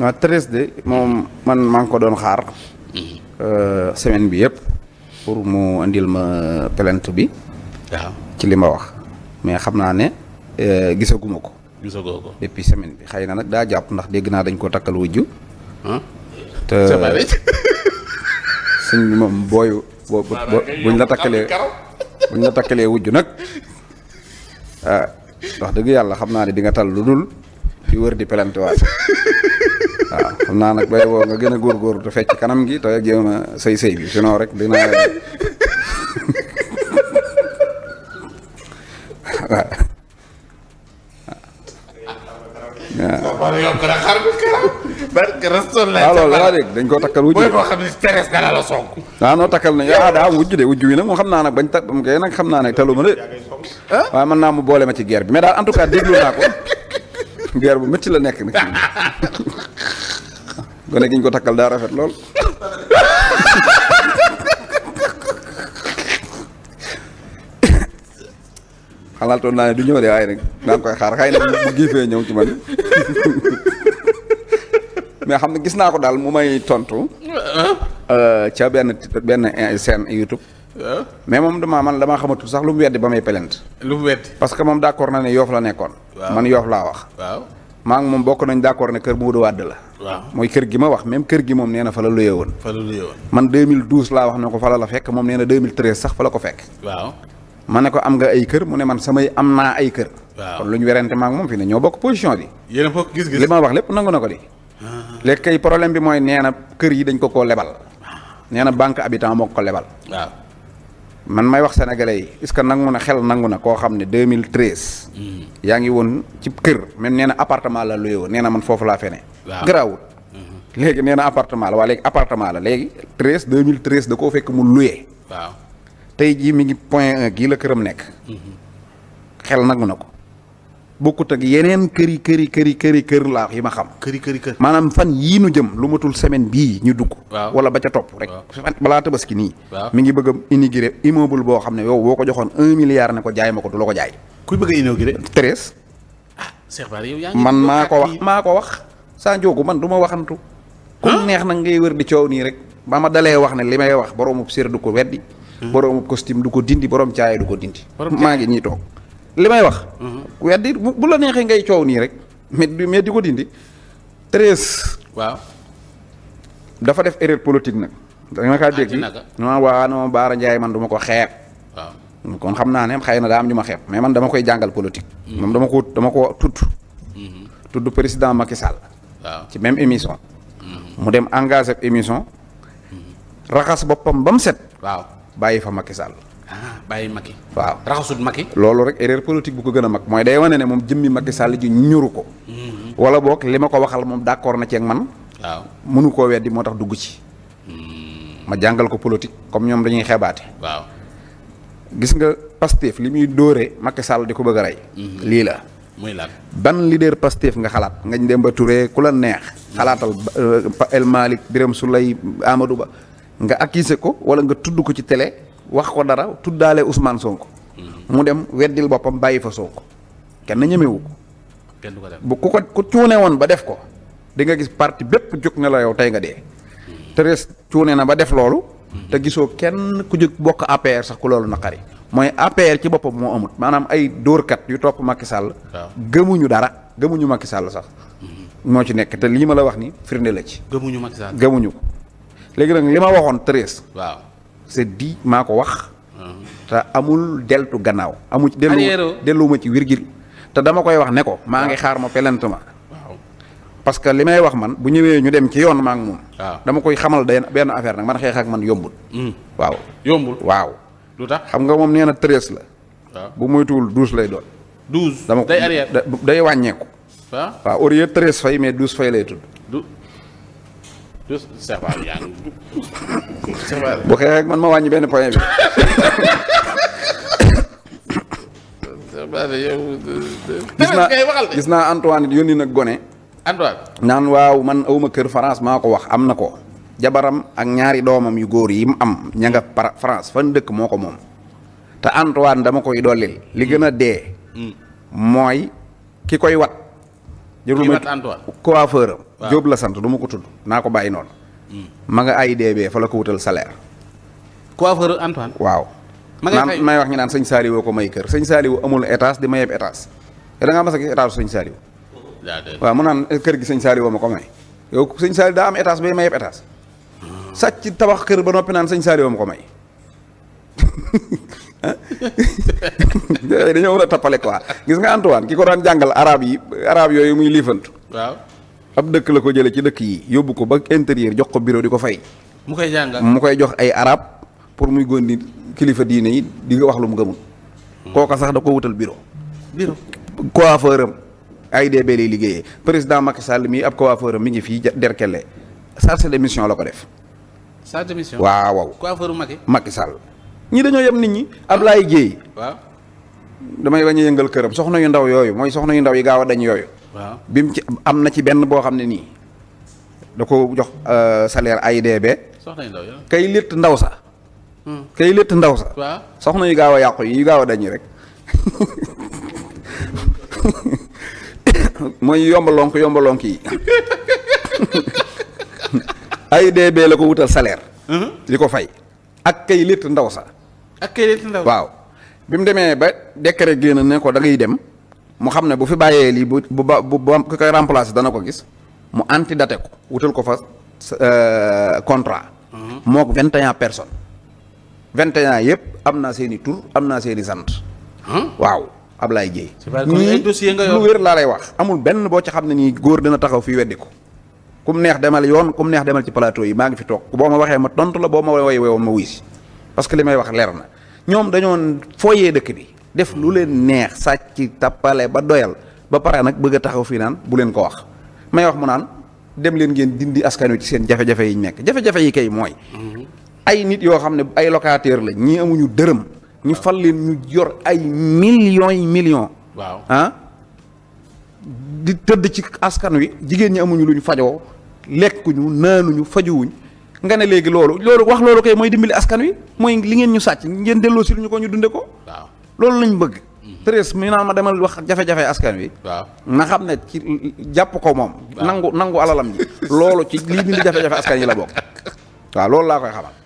waaw treize de moom man maa ko don xaar. Mhm. Eh, semaine bi yëpp pour mu andil ma ya. plainte eh, bi. waaw ci lima ma wax mais xamna ne euh ko. gisagoo ko depuis semaine bi xëy nak da japp ndax deg na dañ ko wuju wujju. te mom moom bo buñ la takkalee buñ la wuju nak nag ah, wax deug yalla xamna naa ne di nga tal lu dul di wër di pelante waaw xam naa nag bay woo nga gën a góorgóorlu te fecc kanam gi te jéem a sëy sëy bi sinon rek dinaa waaw waaw la. dégg dañ koo takkal wujj. booy boo xam ne teres dana ah, takkal nañu ah daa wujj de wujj wi nag moom xam naa nag bañ takk kay nag xam naa ne taluma de. Ah? waaye mën naa mu boole ma ci geer bi mais daal en déglu naa ko guerre bu metti la nekk nag. gone giñ ko takal da rafet lol xalaatoon naa ne du ñëw de waaye rek da koy xaar xay nag bu gifé ñëw ci man mais xamna gis na ko dal mu may tontu ah. euh ci ben ben scène youtube ah. mais mom dama man dama xamatu sax lu wedd ba may pelente lu wedd parce que mom d'accord na né yof la nekkoon man yof la wax waaw maa moom bokk nañ d'accord ne kër Moodu Wàdd la. waaw mooy kër gi ma wax même kër gi moom nee na fa la luyee woon. fa la luyee woon man 2012 laa wax ne ko fa la la fekk moom nee na ko fekk. waaw ma ne ko am nga ay kër mu ne man samay am naa ay kër. waaw kon lu ñu werante maa ngi moom fi ne ñoo bokk position bi. yéen a bokk gis-gis li ma wax lépp nangu na ko di. Ah. léegi kay problème bi mooy nee na kër yi dañ ko koo lebal. Ah. nee na banque habitant moo ko lebal. waaw man may wax sénégalais yi est-ce que nangu na xel nangu na koo xam ne 2013. Mm. yaa ngi woon ci kër mel nee na appartement la luye woon nee na man foofu laa fene. waaw garaawut. Mm-hmm. léegi nee na appartement la waa léegi appartement la léegi 13 2013 da koo fekk mu luye. waaw tey jii mi ngi point 1 gii la këram nekk. Mm-hmm. xel nangu na ko. buku ak yeneen keri keri keri keri kër laa yi ma xam. keri keri keur manam fan yi nu jëm lu matul semaine bi ñu dugg. wala ba ca top rek. ta tabaski ni mi ngi bëgg a immeuble bo xamne yow boo ko 1 milliard ne ko jaay mako du lako ko jaay. kuy bëgg a inaugurer. Ah, Cheikh bari yow man mako wax mako wax. sa man duma waxantu. ku neex nag ngay wër di ciow ni rek. ba ma dalee wax ne limay wax borom sir du ko weddi. Hmm. borom costume du ko dindi borom chaay du ko dindi. ma ngi ñi tok li may wax. Mhm. weddi bu la neexee ngay coow nii rek mais mais di ko dindi. treize. waaw. dafa def erreur politique nag. da nga kaa ah, dégg non waa non Baara Ndiaye man du ma ko xeeb. waaw kon xam naa ne xëy na daa am ñu ma xeeb mais man dama koy jàngal politique. moom dama ko dama ko tudd. Mhm. tudd président Macky Sall. ci même émission. Mhm. mu dem engagé émission. raxas boppam ba mu set. waaw bàyyi fa Macky Sall. Ah, bàyyi yi waaw raxasut Macky loolu rek erreur politique bu ko gën a mag mooy day wane ne moom jëmmi Macky Sall ji ñuru ko mhm. wala boog li ma ko waxal moom d'accord na ceeg man waaw mënu koo weddi moo tax dugg ci mhm. ma jàngal ko politique comme ñoom dañuy xebaate waaw gis nga Pastef li muy dóoree Macky Sall di ko bëgg a rey mhm. lii la muy lan ban leader Pastef nga xalaat ngañ dem ba Touré ku la neex xalaatal euh, El biram su lay Amadou Ba nga accusé ko wala nga tudd ko ci télé wax ko dara dale Ousmane Sonko mhm. mu dem weddil bopam bàyyi fa Sonko kenn ñemewu ko bu ko ko tuné won ba def ko di nga gis parti bëpp juk na la yow tay nga dé mhm. te res na ba def lolu mhm. te gisoo kenn ku juk bokk APR sax ku loolu naqari moy APR ci bopam mo amut manam ay kat yu top Macky Sall gëmuñu dara gëmuñu Macky Sall sax mo ci nek te li ma la wax ni firnde la ci gëmuñu Macky Sall gëmuñu ko léegi nag li waaw c'est dit maa ko wax. te amul deltu gannaaw. amu ci dellu delluwuma ci virgule. te dama koy wax ne ko maa ngi xaar ma pelent ma parce que li may wax man bu ñëwee ñu dem ci yoon maa moom. dama koy xamal benn benn affaire nag man xeex ak man yombul. Hmm. waaw yombul waaw. lu tax xam nga moom nee na treize la. bu moytuwul douze lay doon. douze day arrière day wàññeeku. Ah. waaw au lieu treize fay mais douze fay lay tudd. Cheikh Bara yang ngi Cheikh Bara bu xeex ak man ma wàññi benn point bi Cheikh Bara yow gis naa gis naa Antoine yónni na gone Antoine naan waaw man awma kër France maa ko wax am na ko jabaram ak ñaari doomam yu góor yi am ña nga France fan dëkk moo ko moom te Antoine dama koy dollil li gën a dee mm. mooy wat jërul ma coiffeur Jóob la sant du ma ko tudd naa ko bàyyi noonu hmm. ma nga AIBD fa la ko wutal salaire coiffeur Antoine waaw naan may wax ñu naan sëñ Saaliwu ko may kër sañ Saaliwu amul étage di mayeeb étage da ngaa mas a gis étage sëñ Saaliwu waaw mu naan eh, kër gi sëñ Saaliwu ma ko may yow sëñ Saaliwu daa am étage ma mayeeb étage hmm. sàcc tabax kër ba noppi naan sëñ Saaliwu ma ko may dañoo war a tappale quoi gis nga Antoine ki ko daan jàngal arab yi arab yooyu muy liifantu waaw ab dëkk la ko jële ci dëkk yi yóbbu ko ba intérieur jox ko bureau di ko fay mu koy jàngal mu koy jox ay arab pour muy gondi kilifa diine yi di nga wax lu mu gëmul hmm. kooka sax da ko wutal bureau bureau coiffeur am ay debe lay liggéeyee président Macky Sall mi ab coiffeur am mi ngi fii derkele chargé de mission la ko def chargé de mission waaw waaw coiffeur Macky Macky Sall ñi dañoo yam nit ñi Ablaye Dieye waaw damay bañ a yëngal këram soxna yu ndaw yooyu mooy soxna yu ndaw yi gaaw a dañ yooyu bi mu ci am na ci benn boo xam ne nii da ko jox euh, salaire AIDB soxna yu ndaw yi kay létt ndaw sa hmm. kay létt ndaw sa soxna yu gaaw a yàqu yi gaaw a dañ rek mooy yombalonk yombalonk yi AIDB la ko wutal salaire li hmm. ko fay ak kay létt ndaw sa ak këyit ndaw waaw bi mu demee ba décret génn ne ko da ngay dem mu xam bu fi bàyyee lii bu bu ba bu remplacer dana ko gis mu antidaté ko wutal ko fa euh, contrat. Mhm. moog 21 personnes. 21 yëpp am naa seen i tur am naa seen i sant. waaw Ablaye Dieye. nii lu wér laa lay wax. amul benn boo ci xam ne nii góor dina taxaw fii weddi kum neex demal yoon kum neex demal ci plateau yi maa ngi fi toog boo ma ma tontu la boo ma woy ma wuy parce que li may wax leer ñoom dañoo fooyee dëkk bi def lu leen neex sàcc tappale ba doyal ba pare nag bëgg a taxaw fii naan bu leen ko wax may wax mu naan dem leen ngeen dindi askan wi ci seen jafe-jafe yi ñu nekk jafe-jafe yi kay mooy. ay nit yoo xam ne ay locataire la ñii amuñu dërëm. ñu fal leen ñu yor ay millions yi millions. waaw ah. di tëdd ci askan wi jigéen ñi amuñu lu luñ fajoo lekkuñu naanuñu fajuwuñ nga ne léegi loolu loolu wax loolu kay mooy dimbali askan wi mooy li ngeen ñu sàcc ngeen delloo si lu ñu ko ñu dunde ko waaw loolu lañ bëgg mm-hmm. treize mi naan ma demal wax jafe-jafe askan wi waaw na xam ne ci jàpp ko moom nangu nangu alalam ji loolu ci lii ñu di jafe-jafe askan yi la bokk waaw loolu laa koy xamal